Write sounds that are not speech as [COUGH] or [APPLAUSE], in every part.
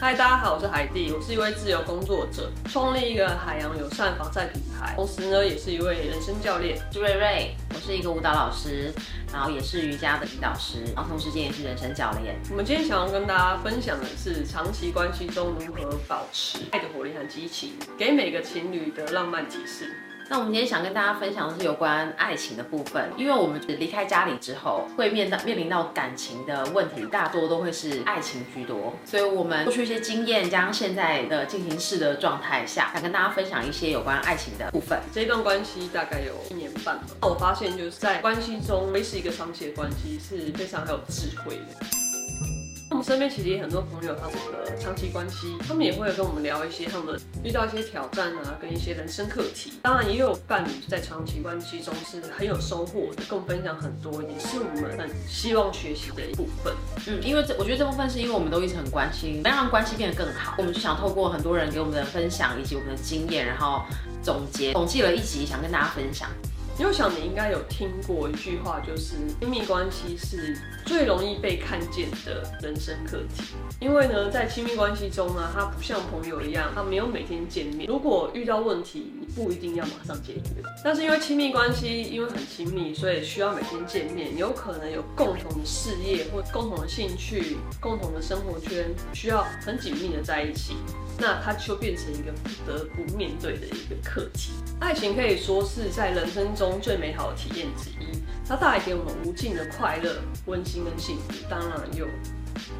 嗨，大家好，我是海蒂，我是一位自由工作者，創立一個海洋友善防曬品牌，同時呢也是一位人生教練。朱瑞瑞，我是一個舞蹈老師，然後也是瑜伽的指導師，然後同時間也是人生教練。我們今天想要跟大家分享的是，長期關係中如何保持愛的活力和激情，給每個情侶的浪漫提示。那我們今天想跟大家分享的是有關愛情的部分，因為我們離開家裡之後，會面到面臨到感情的問題，大多都會是愛情居多，所以我們過去一些經驗，加上現在的進行式的狀態下，想跟大家分享一些有關愛情的部分。這一段關係大概有一年半吧，我發現就是在關係中，維持一個長期的關係是非常有智慧的。我身邊其實也很多朋友，他們的長期關係，他們也會跟我們聊一些他們遇到一些挑戰啊，跟一些人生課題。當然，也有伴侶在長期關係中是很有收穫，跟我們分享很多，也是我們很希望學習的一部分。嗯，因為這我覺得這部分是因為我們都一直很關心，要讓他們關係變得更好，我們就想透過很多人給我們的分享以及我們的經驗，然後總結統計了一集，想跟大家分享。我想你應該有聽過一句話，就是親密關係是最容易被看見的人生課題。因為呢，在親密關係中呢，它不像朋友一樣，它沒有每天見面。如果遇到問題，你不一定要馬上解決。但是因為親密關係，因為很親密，所以需要每天見面。有可能有共同的事業或共同的興趣、共同的生活圈，需要很緊密的在一起。那它就變成一個不得不面對的一個課題。愛情可以說是在人生中。最美好的體驗之一，它帶來給我們無盡的快樂、溫馨跟幸福。當然有，有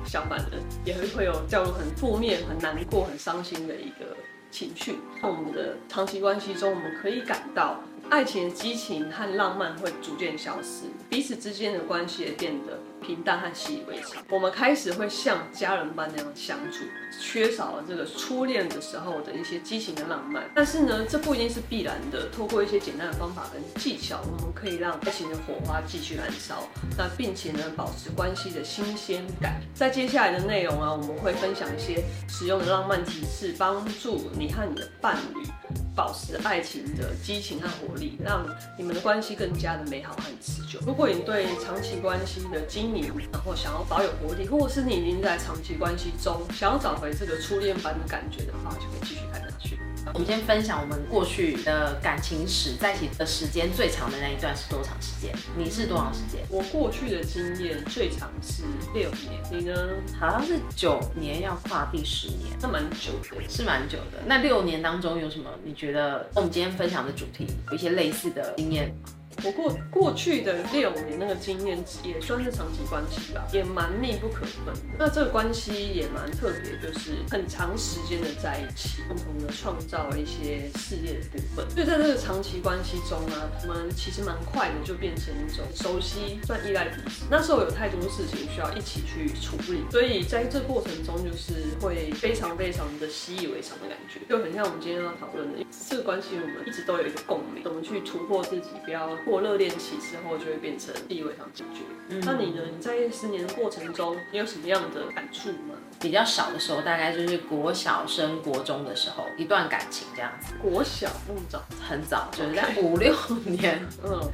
相反的，也會會有掉入很負面、很難過、很傷心的一個情緒。在我們的長期關係中，我們可以感到愛情的激情和浪漫會逐漸消失，彼此之間的關係也變得。平淡和習以為常，我們開始會像家人般那樣相處，缺少了這個初戀的時候的一些激情的浪漫。但是呢，這不一定是必然的。透過一些簡單的方法跟技巧，我們可以讓愛情的火花繼續燃燒，那並且呢，保持關係的新鮮感。在接下來的內容啊，我們會分享一些實用的浪漫提示，幫助你和你的伴侶。保持愛情的激情和活力，讓你們的關係更加的美好和持久。如果你對長期關係的經營，然後想要保有活力，或者是你已經在長期關係中想要找回這個初戀般的感覺的話，就可以繼續看下去。我們先分享我們過去的感情史，在一起的時間最長的那一段是多長時間？你是多長時間？我過去的經驗最長是六年，你呢？好像是九年，要跨第十年，那蠻，蠻久的，是蠻久的。那六年當中有什麼？你覺得？我們今天分享的主題有一些類似的經驗嗎？我過過去的六年那個經驗也算是長期關係吧，也蠻密不可分的。那這個關係也蠻特別，就是很長時間的在一起，共同的創造了一些事業的部分。所以在這個長期關係中呢，啊，我們其實蠻快的就變成一種熟悉，算依賴彼此。那時候有太多事情需要一起去處理，所以在這過程中就是會非常非常的習以為常的感覺，就很像我們今天要討論的這個關係，我們一直都有一個共鳴，怎麼去突破自己，不要。過熱戀期之後就會變成地位上解決。嗯，那你呢？你在十年過程中，你有什麼樣的感觸嗎？比較小的時候，大概就是國小升國中的時候，一段感情這樣子。國小那麼、嗯、早，很早就是在五、okay、六年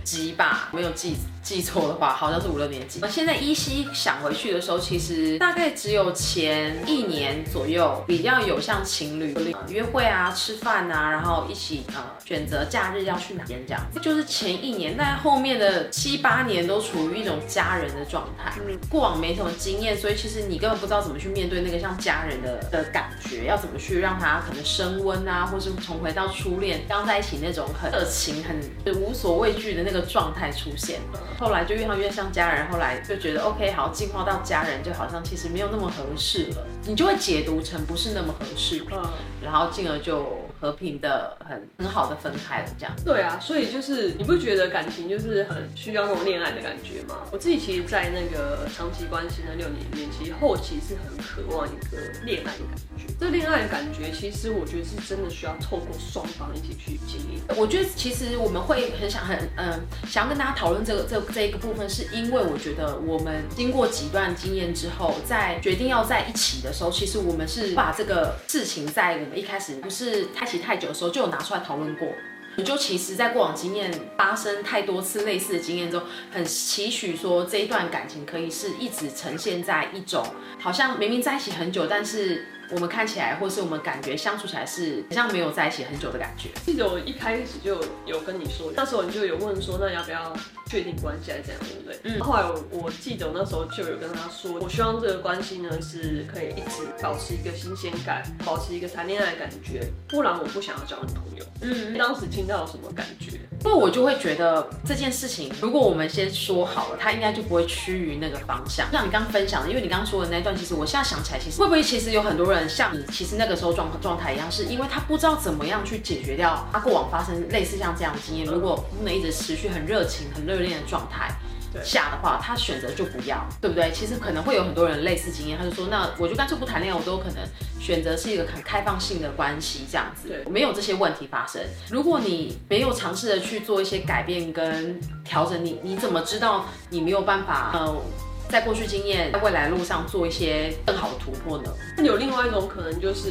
級、嗯、吧，沒有記記錯的話，好像是五六年級。我現在依稀想回去的時候，其實大概只有前一年左右、嗯、比較有像情侶、嗯、約會啊、吃飯啊，然後一起呃、嗯、選擇假日要去哪邊、嗯、這樣子。就是前一。年，但後面的七八年都處於一種家人的狀態，過往沒什麼經驗，所以其實你根本不知道怎麼去面對那個像家人的的感覺，要怎麼去讓他可能升溫啊，或是重回到初戀剛在一起那種很熱情、很無所畏懼的那個狀態出現。後來就越來越像家人，後來就覺得 OK 好，進化到家人就好像其實沒有那麼合適了，你就會解讀成不是那麼合適，然後進而就。和平的很很好的分開了，這樣對啊，所以就是你不覺得感情就是很需要那種戀愛的感覺嗎？我自己其實，在那個長期關係那六年裡面，其實後期是很渴望一個戀愛的感覺。這戀愛的感覺，其實我覺得是真的需要透過雙方一起去經歷。我覺得其實我們會很想很嗯，想要跟大家討論這個這這一個部分，是因為我覺得我們經過幾段經驗之後，在決定要在一起的時候，其實我們是把這個事情在我們一開始不是太。太久的時候就有拿出來討論過，你就其實，在過往經驗發生太多次類似的經驗中，很期許說這一段感情可以是一直呈現在一種，好像明明在一起很久，但是。我們看起來，或是我們感覺相處起來是好像沒有在一起很久的感覺。記得我一開始就有跟你說，那時候你就有問說，那要不要確定關係啊？這樣對不對？嗯。後來我，我記得我那時候就有跟他說，我希望這個關係呢是可以一直保持一個新鮮感，保持一個談戀愛的感覺，不然我不想要交女朋友。嗯。當時聽到什麼感覺？那我就會覺得這件事情，如果我們先說好了，他應該就不會趨於那個方向。像你剛剛分享的，因為你剛剛說的那一段，其實我現在想起來，其實會不會其實有很多人。像你其實那個時候狀狀態一樣，是因為他不知道怎麼樣去解決掉他過往發生類似像這樣的經驗。如果不能一直持續很熱情、很熱戀的狀態下的話，他選擇就不要，對不對？其實可能會有很多人類似經驗，他就說，那我就乾脆不談戀愛，我都可能選擇是一個很開放性的關係這樣子對，沒有這些問題發生。如果你沒有嘗試著去做一些改變跟調整，你你怎麼知道你沒有辦法？嗯、呃。在過去經驗，在未來路上做一些更好的突破呢？那有另外一種可能，就是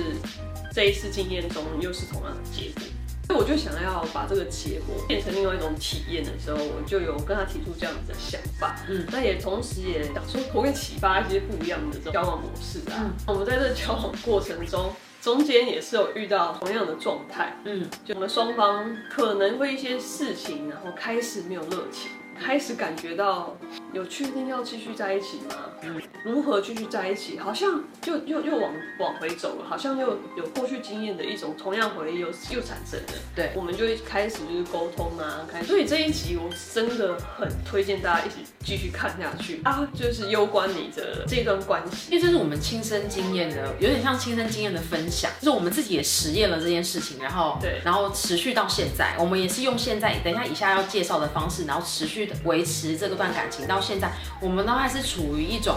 這一次經驗中又是同樣的結果。所以我就想要把這個結果變成另外一種體驗的時候，我就有跟他提出這樣子的想法。嗯，那也同時也想說，多給啟發一些不一樣的這種交往模式啊。我們在這個交往過程中，中間也是有遇到同樣的狀態。嗯，就我們雙方可能會一些事情，然後開始沒有熱情。開始感覺到有確定要繼續在一起嗎？嗯，如何繼續在一起？好像又又又往往回走了，好像又有過去經驗的一種同樣回憶又又產生了。對，我們就開始就是溝通啊，開始。所以這一集我真的很推薦大家一起繼續看下去啊，就是攸關你的這段關係，因為這是我們親身經驗的，有點像親身經驗的分享，就是我們自己也實驗了這件事情，然後對，然後持續到現在，我們也是用現在等一下以下要介紹的方式，然後持續。維持這段感情到現在，我們的話是處於一種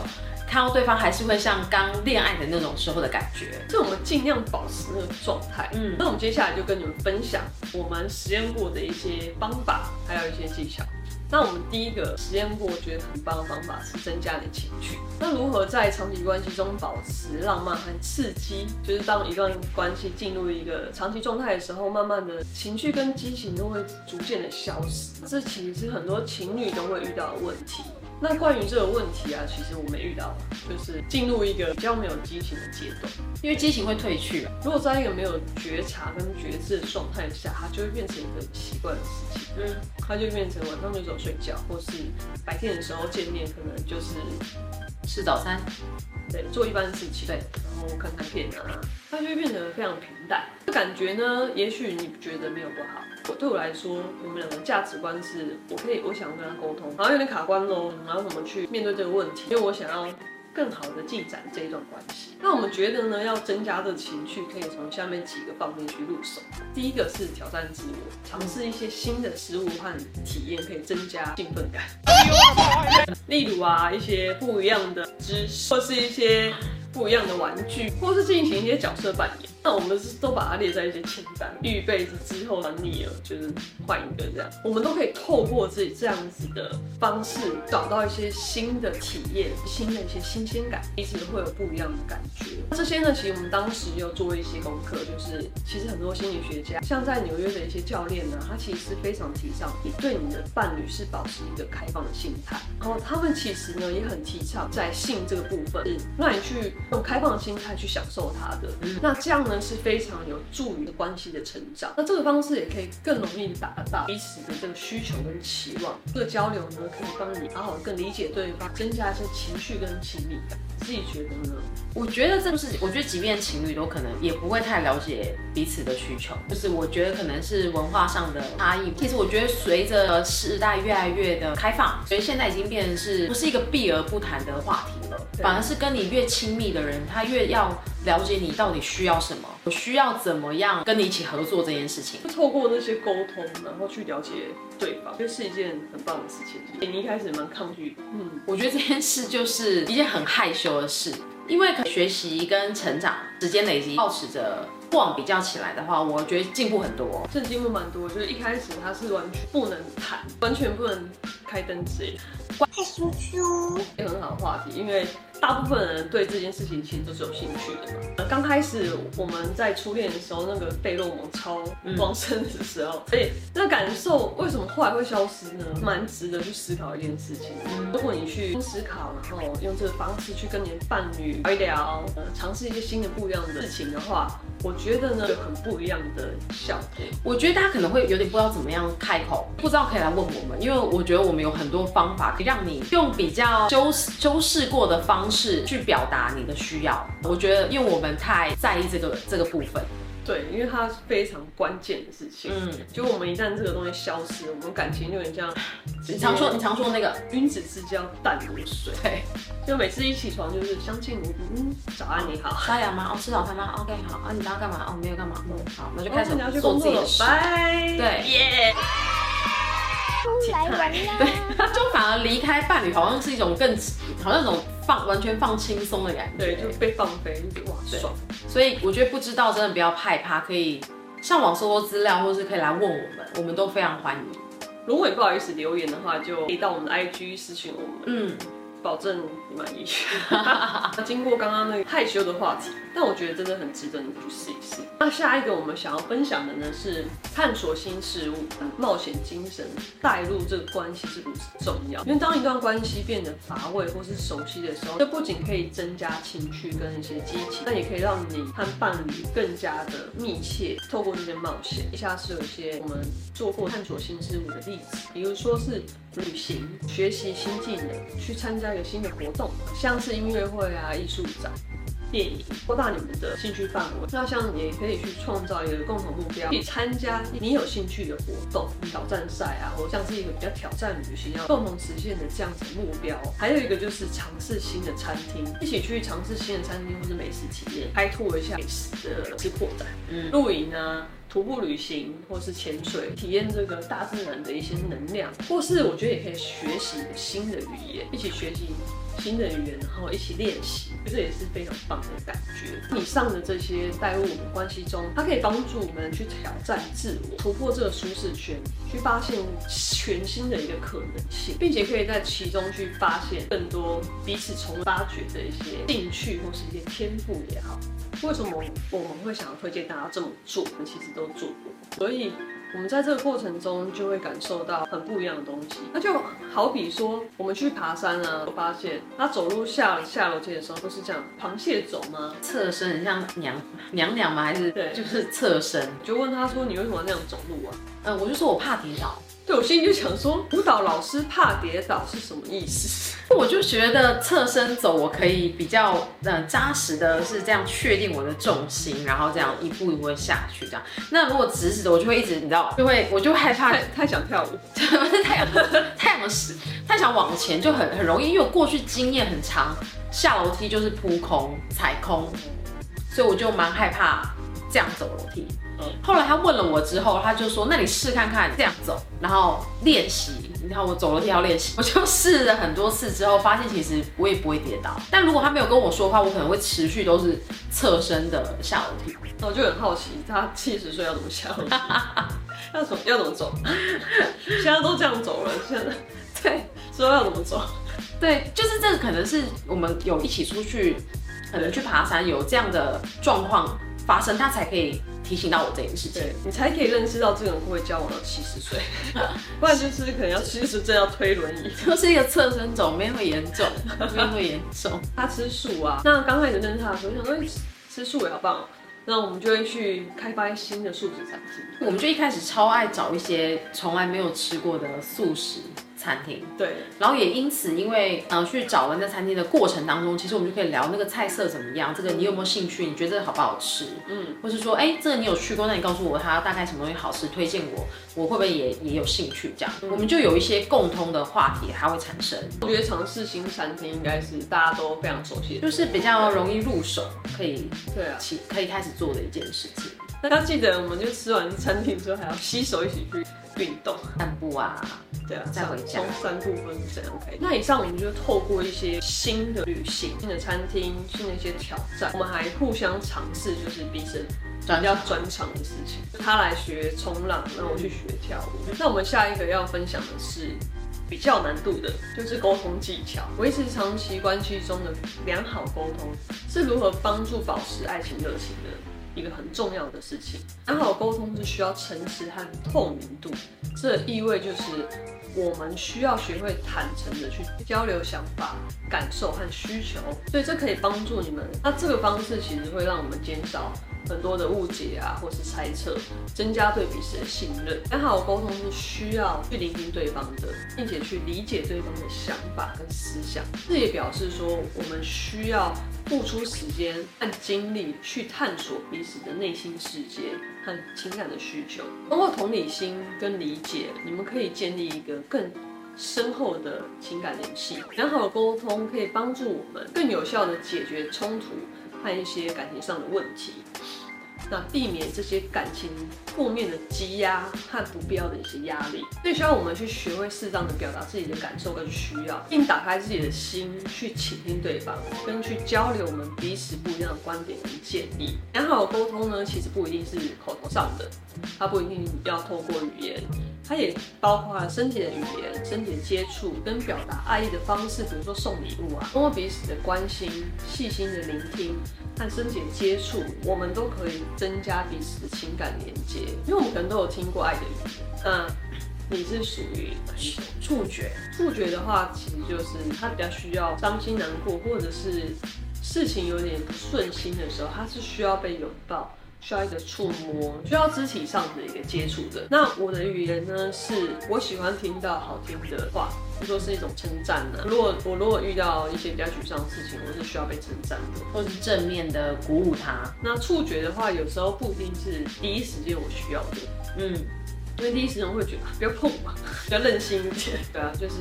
看到對方還是會像剛戀愛的那種時候的感覺，所以我們盡量保持那個狀態。嗯，那我們接下來就跟你們分享我們實驗過的一些方法，還有一些技巧。那我們第一個實驗過，我覺得很棒的方法是增加你的情趣。那如何在長期關係中保持浪漫和刺激？就是當一段關係進入一個長期狀態的時候，慢慢的情緒跟激情都會逐漸的消失。這其實是很多情侶都會遇到的問題。那關於這個問題啊，其實我們遇到就是進入一個比較沒有激情的階段，因為激情會褪去。如果在一個沒有覺察跟覺知的狀態下，它就會變成一個習慣的事情。嗯，它就會變成晚上的時候睡覺，或是白天的時候見面，可能就是吃早餐。做一般事情，對，然後看看片啊，他就會變得非常平淡。這感覺呢，也許你覺得沒有不好，我對我來說，我們兩個價值觀是，我可以，我想要跟他溝通，好像有點卡關嘍，然後怎麼去面對這個問題？因為我想要。更好的進展這一段關係，那我們覺得呢，要增加的情趣可以從下面幾個方面去入手。第一個是挑戰自我，嘗試一些新的事物和體驗，可以增加興奮感。例如啊，一些不一樣的姿勢，或是一些不一樣的玩具，或是進行一些角色扮演。那我們是都把它列在一些清單，預備着之後呢，膩了，就是換一個這樣。我們都可以透過自己這樣子的方式，找到一些新的體驗，新的一些新鮮感，彼此會有不一樣的感覺。這些呢，其實我們當時有做一些功課，就是其實很多心理學家，像在紐約的一些教練呢，他其實是非常提倡你對你的伴侶是保持一個開放的心態。然後他們其實呢也很提倡在性這個部分，是讓你去用開放的心態去享受它的。那這樣呢，是非常有助於關係的成長。那這個方式也可以更容易達到彼此的這個需求跟期望。這個交流呢，可以幫你好、啊、好更理解對方，增加一些情緒跟親密感。自己覺得呢？我覺得這就是，我覺得即便情侶都可能也不會太了解彼此的需求，就是我覺得可能是文化上的差異。其實我覺得隨着時代越來越的開放，所以現在已經變成是不是一個避而不談的話題。反而是跟你越親密的人，他越要了解你到底需要什麼，我需要怎麼樣跟你一起合作這件事情。透過那些溝通，然後去了解對方，這是一件很棒的事情。就是、你一開始蠻抗拒，嗯，我覺得這件事就是一件很害羞的事，因為可學習跟成長時間累積，保持着過往比較起來的話，我覺得進步很多。是進步蠻多，就是一開始他是完全不能談，完全不能。開燈，誰、欸？快說說。也很好的話題，因為大部分人對這件事情其實都是有興趣的嘛。剛、呃、開始我們在初戀的時候，那個費洛蒙超旺盛的時候，哎、嗯，那感受為什麼後來會消失呢？蠻值得去思考一件事情、嗯。如果你去思考，然後用這個方式去跟你的伴侶聊一聊，嘗、呃、試一些新的不一樣的事情的話，我覺得呢，有很不一樣的效果。我覺得大家可能會有點不知道怎麼樣開口，不知道可以來問我們，因為我覺得我們有很多方法，可以讓你用比較修飾修飾過的方式去表達你的需要。我覺得因為我們太在意這個這個部分。對，因為它是非常關鍵的事情。嗯，就我們一旦這個東西消失，我們感情就有點像，你常說你常說那個君子之交淡如水。對。對，就每次一起床就是相見無嗯，早安，你好。刷牙嗎？哦，吃早餐嗎？OK，好啊，你還要幹嘛？哦，沒有幹嘛。嗯，好，那就開始、哦、我們要去工作了，做自己的事。拜。對。Yeah. 其他，對，他就反而離開伴侶，好像是一種更，好像一種放完全放輕鬆的感覺，對，就被放飛，哇，爽。所以我覺得不知道真的不要害怕，怕，可以上網搜搜資料，或是可以來問我們，我們都非常歡迎。如果也不好意思留言的話，就可以到我們的 IG 私訊我們，嗯。保證你滿意。那經過剛剛那個害羞的話題，但我覺得真的很值得你去試一試。那下一個我們想要分享的呢，是探索新事物、冒險精神帶入這個關係是不是重要？因為當一段關係變得乏味或是熟悉的時候，這不僅可以增加情趣跟一些激情，那也可以讓你和伴侶更加的密切。透過這些冒險，以下是有一些我們做過探索新事物的例子，比如說是。旅行、學習新技能、去參加一個新的活動，像是音樂會啊，藝術展。擴大你們的興趣範圍，那像也可以去創造一個共同目標，去參加你有興趣的活動挑戰賽啊，或像是一個比較挑戰旅行要共同實現的這樣子目標。還有一個就是嘗試新的餐廳，一起去嘗試新的餐廳或者美食體驗，開拓一下美食的擴展，嗯，露營啊，徒步旅行，或是潛水，體驗這個大自然的一些能量，或是我覺得也可以學習新的語言，一起學習新的語言，然後一起練習，這也是非常棒的感覺。以上的這些帶入我們關係中，它可以幫助我們去挑戰自我，突破這個舒適圈，去發現全新的一個可能性，並且可以在其中去發現更多彼此從未發掘的一些興趣或是一些天賦也好。為什麼我們會想要推薦大家這麼做？我們其實都做過，所以。我們在這個過程中就會感受到很不一樣的東西。那就好比說，我們去爬山呢，我發現他走路下下樓梯的時候都是這樣，螃蟹走嗎？側身，很像娘娘娘嗎？還是？是對，就是側身。就問他說：“你為什麼那樣走路啊？”呃、嗯，我就說我怕跌倒。對我心裡就想說，舞蹈老師怕跌倒是什麼意思？我就覺得側身走，我可以比較嗯扎實的是這樣確定我的重心，然後這樣一步一步下去這樣。那如果直直的，我就會一直你知道，就會我就害怕太，太想跳舞， [LAUGHS] 太想太，太，太想使太想往前就很很容易，因為我過去經驗很長，下樓梯就是撲空踩空，所以我就蠻害怕這樣走樓梯。嗯、後來他問了我之後，他就說：“那你試看看這樣走，然後練習。你看我走了幾條練習，我就試了很多次之後，發現其實我也不會跌倒。但如果他沒有跟我說的話，我可能會持續都是側身的下樓梯。我、哦、就很好奇，他七十歲要怎麼下樓梯？要 [LAUGHS] 怎麼要怎麼走？ [LAUGHS] 現在都這樣走了，現在對，說要怎麼走？對，就是這可能是我們有一起出去，可能去爬山有這樣的狀況發生，他才可以。”提醒到我這件事情，對，你才可以認識到這個人，不會交往到七十歲，不然就是可能要七十歲要推輪椅， [LAUGHS] 就是一個側身走，沒那麼嚴重， [LAUGHS] 沒那麼嚴重。他吃素啊，那剛開始認識他的時候，我說吃素也好棒，那我們就會去開發新的素食餐廳，我們就一開始超愛找一些從來沒有吃過的素食餐廳。對，然後也因此，因為呃去找了那餐廳的過程當中，其實我們就可以聊那個菜色怎麼樣，這個你有沒有興趣？你覺得這個好不好吃？嗯，或是說，哎、欸，這個你有去過，那你告訴我它大概什麼東西好吃，推薦我，我會不會也也有興趣？這樣、嗯，我們就有一些共通的話題，它會產生。我覺得嘗試新餐廳應該是大家都非常熟悉的，就是比較容易入手，可以對啊，起可以開始做的一件事情。要記得，我們就吃完餐廳之後還要洗手，一起去運動，散步啊，對啊，再回家。分三部分這樣可以。那以上我們就透過一些新的旅行、新的餐廳、新的一些挑戰，我們還互相嘗試，就是彼此比較專長的事情。他來學衝浪，讓我去學跳舞。嗯。那我們下一個要分享的是比較難度的，就是溝通技巧，維持長期關係中的良好溝通是如何幫助保持愛情熱情的。一個很重要的事情，很好的溝通是需要誠實和透明度，這意味就是我們需要學會坦誠地去交流想法、感受和需求，所以這可以幫助你們。那這個方式其實會讓我們減少。很多的誤解啊，或是猜測，增加對彼此的信任。良好的溝通是需要去聆聽對方的，並且去理解對方的想法跟思想。這也表示說，我們需要付出時間和精力去探索彼此的內心世界和情感的需求。通過同理心跟理解，你們可以建立一個更深厚的情感聯繫。良好的溝通可以幫助我們更有效地解決衝突。看一些感情上的問題，那避免這些感情負面的積壓和不必要的一些壓力，所以需要我們去學會適當的表達自己的感受跟需要，並打開自己的心去傾聽對方，跟去交流我們彼此不一樣的觀點跟建議。良好的溝通呢，其實不一定是口頭上的，它不一定要透過語言。它也包括了身體的語言、身體的接觸跟表達愛意的方式，比如說送禮物啊，通過彼此的關心、細心的聆聽和身體的接觸，我們都可以增加彼此的情感連接。因為我們可能都有聽過愛的語言，嗯，你是屬於觸覺，觸覺的話，其實就是他比較需要傷心難過，或者是事情有點不順心的時候，他是需要被擁抱。需要一個觸摸，需要肢體上的一個接觸的。那我的語言呢？是我喜歡聽到好聽的話，就是說是一種稱讚的。如果我如果遇到一些比較沮喪的事情，我是需要被稱讚的，或是正面的鼓舞他。那觸覺的話，有時候不一定是第一時間我需要的，嗯。因為第一時間會覺得比較碰嘛，比較任性一點。對啊，就是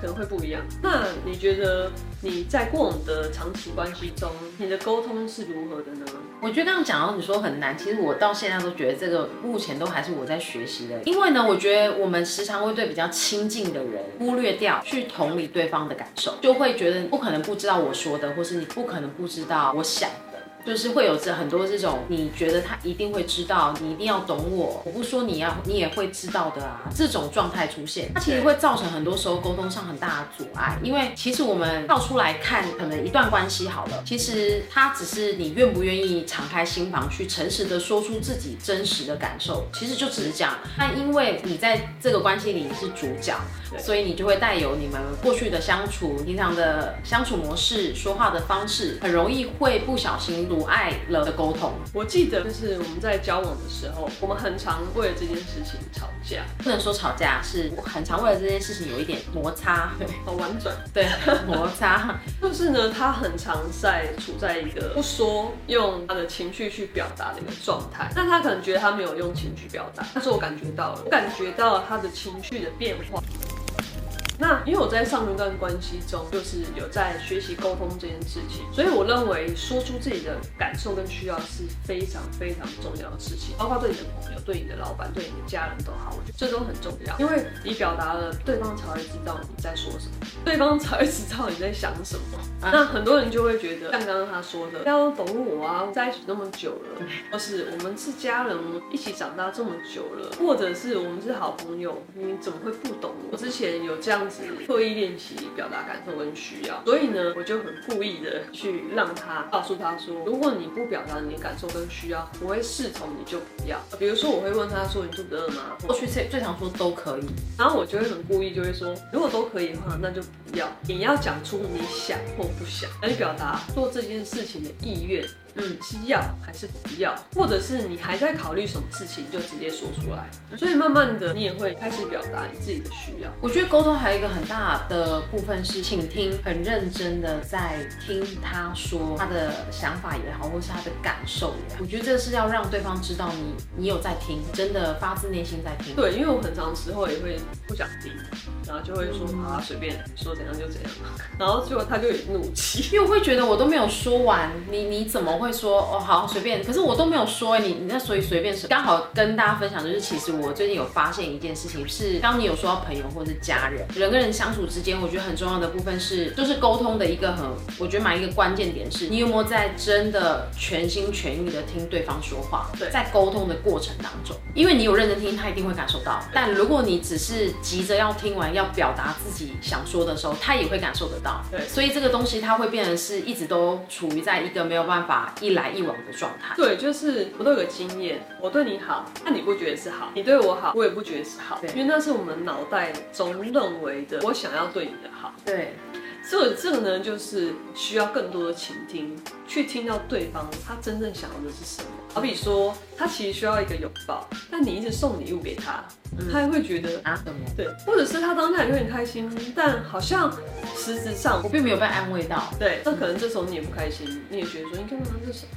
可能會不一樣。那你覺得你在過往的長期關係中，你的溝通是如何的呢？我覺得剛剛講到，你說很難。其實我到現在都覺得這個目前都還是我在學習的。因為呢，我覺得我們時常會對比較親近的人忽略掉去同理對方的感受，就會覺得你不可能不知道我說的，或是你不可能不知道我想。就是會有着很多這種，你覺得他一定會知道，你一定要懂我，我不說你要，你也會知道的啊。這種狀態出現，它其實會造成很多時候溝通上很大的阻礙，因為其實我們倒出來看，可能一段關係好了，其實它只是你願不願意敞開心房，去誠實的說出自己真實的感受，其實就只是這樣。那因為你在這個關係裡你是主角，所以你就會帶有你們過去的相處，平常的相處模式，說話的方式，很容易會不小心。阻愛了的溝通。我記得就是我們在交往的時候，我們很常為了這件事情吵架，不能說吵架，是我很常為了這件事情有一點摩擦。對，好婉轉，對，摩擦。就是呢，他很常在處在一個不說，用他的情緒去表達的一個狀態。那他可能覺得他沒有用情緒表達，但是我感覺到了，我感覺到他的情緒的變化。那因為我在上一段關係中，就是有在學習溝通這件事情，所以我認為說出自己的感受跟需要是非常非常重要的事情，包括對你的朋友、對你的老板、對你的家人都好，我覺得這都很重要，因為你表達了，對方才會知道你在說什麼，對方才會知道你在想什麼。啊？那很多人就會覺得，像剛剛他說的，要懂我啊，在一起那麼久了，嗯。或是我們是家人，一起長大這麼久了，或者是我們是好朋友，你怎麼會不懂我？之前有這樣刻意練習表達感受跟需要，所以呢，我就很故意的去讓他告訴他說，如果你不表達你感受跟需要，我會試從你就不要。比如說，我會問他說，你肚子餓嗎？我去吃，最常說都可以，然後我就會很故意就會說，如果都可以的話，那就不要，你要講出你想或不想，而表達做這件事情的意願。嗯，是要還是不要，或者是你還在考慮什麼事情，就直接說出來。所以慢慢的，你也會開始表達你自己的需要。我覺得溝通還有一個很大的部分是，傾聽，很認真的在聽他說他的想法也好，或是他的感受也好。我覺得這是要讓對方知道你，你有在聽，真的發自內心在聽。對，因為我很長時候也會不想聽，然後就會說、嗯、啊隨、啊、便，說怎樣就怎樣， [LAUGHS] 然後結果他就有怒氣，因為我會覺得我都沒有說完，你你怎麼會？會說哦好隨便，可是我都沒有說、欸、你你那所以隨便是剛好跟大家分享的就是，其實我最近有發現一件事情是，是當你有說到朋友或者是家人，人跟人相處之間，我覺得很重要的部分是，就是溝通的一個很，我覺得蠻一個關鍵點是，你有沒有在真的全心全意的聽對方說話？對，在溝通的過程當中，因為你有認真聽，他一定會感受到。但如果你只是急着要聽完，要表達自己想說的時候，他也會感受得到。對，所以這個東西它會變成是一直都處於在一個沒有辦法。一來一往的狀態，對，就是我都有個經驗，我對你好，那你不覺得是好？你對我好，我也不覺得是好，因為那是我們腦袋中認為的，我想要對你的好。對，所以這個呢，就是需要更多的傾聽，去聽到對方他真正想要的是什麼。好比說，他其實需要一個擁抱，但你一直送禮物給他。嗯、他也會覺得啊什麼對，或者是他當下有點開心，嗯、但好像實質上我並沒有被安慰到。對，那、嗯、可能這時候你也不開心，你也覺得說你看看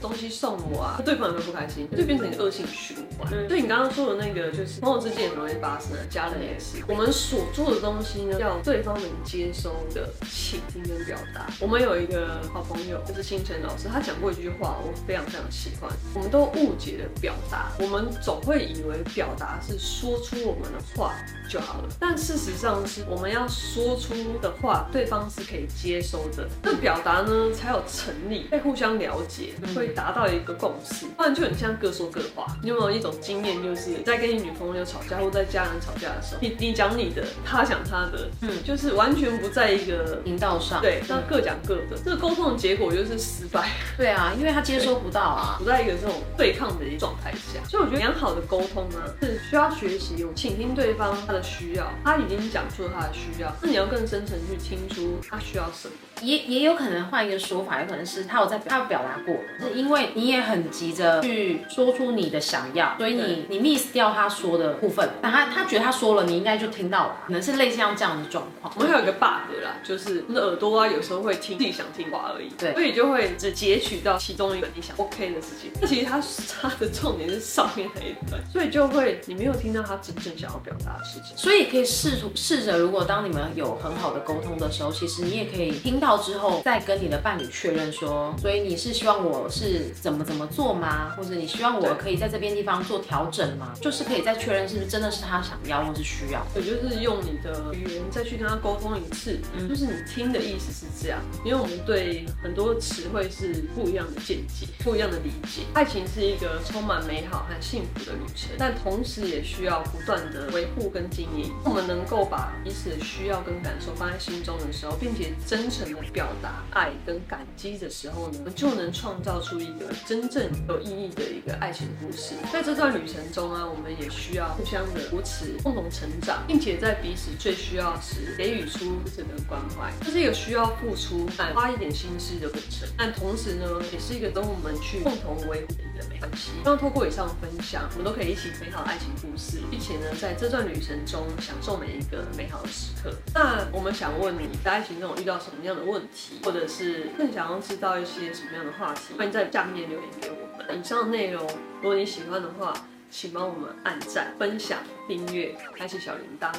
這東西送我啊，嗯、對方也會不開心，就變成一個惡性循環。所以你剛剛說的那個，就是朋友、嗯、之間也容易發生，家人也是。我們所做的東西呢，要對方能接收的傾聽跟表達。我們有一個好朋友就是星辰老師，他講過一句話，我非常非常喜歡。我們都誤解了表達，我們總會以為表達是說出我們的話就好了，但事實上是我們要說出的話，對方是可以接收的。這表達呢才有成立，會互相了解，會達到一個共識，不然就很像各說各話。你有沒有一種經驗，就是在跟你女朋友吵架或在家人吵架的時候，你你講你的，他講他的，嗯，就是完全不在一個頻道上。對，那各講各的。這個溝通的結果就是失敗。對啊，因為他接收不到啊，不在一個這種對抗的一個狀態下。所以我覺得良好的溝通呢是需要學習。傾聽對方他的需要，他已經講出了他的需要，那你要更深層去聽出他需要什麼。也也有可能換一個說法，有可能是他有在他有表達過、嗯，是因為你也很急着去說出你的想要，所以你你 miss 掉他說的部分。但他他覺得他說了，你應該就聽到了，可能是類似像這樣的狀況。我、嗯、們有一個 bug 啦,就是耳朵啊,有時候會聽自己想聽話而已，對，所以就會只截取到其中一個你想 OK 的事情。那其實他他的重點是上面那一段，所以就會你沒有聽到他真正想要表達的事情。所以可以試圖試着，如果當你們有很好的溝通的時候，其實你也可以聽到。之後再跟你的伴侶確認說，所以你是希望我是怎麼怎麼做嗎？或者你希望我可以在這邊地方做調整嗎？就是可以再確認是不是真的是他想要或是需要。我就是用你的語言再去跟他溝通一次、嗯，就是你聽的意思是這樣。因為我們對很多詞彙是不一樣的見解，不一樣的理解。愛情是一個充滿美好和幸福的旅程，但同時也需要不斷的維護跟經營、嗯。我們能夠把彼此的需要跟感受放在心中的時候，並且真誠。表達愛跟感激的時候呢，我們就能創造出一個真正有意義的一個愛情故事。在這段旅程中啊，我們也需要互相的扶持，共同成長，並且在彼此最需要時給予出的關懷。這是一個需要付出、但花一點心思的過程，但同時呢，也是一個等我們去共同維護。希望透過以上的分享，我們都可以一起美好的愛情故事，並且呢，在這段旅程中享受每一個美好的時刻。那我們想問你在愛情中遇到什麼樣的問題，或者是更想要知道一些什麼樣的話題？歡迎在下面留言給我們。以上的內容，如果你喜歡的話，請幫我們按讚、分享、訂閱、開啟小鈴鐺。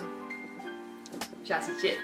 下次見。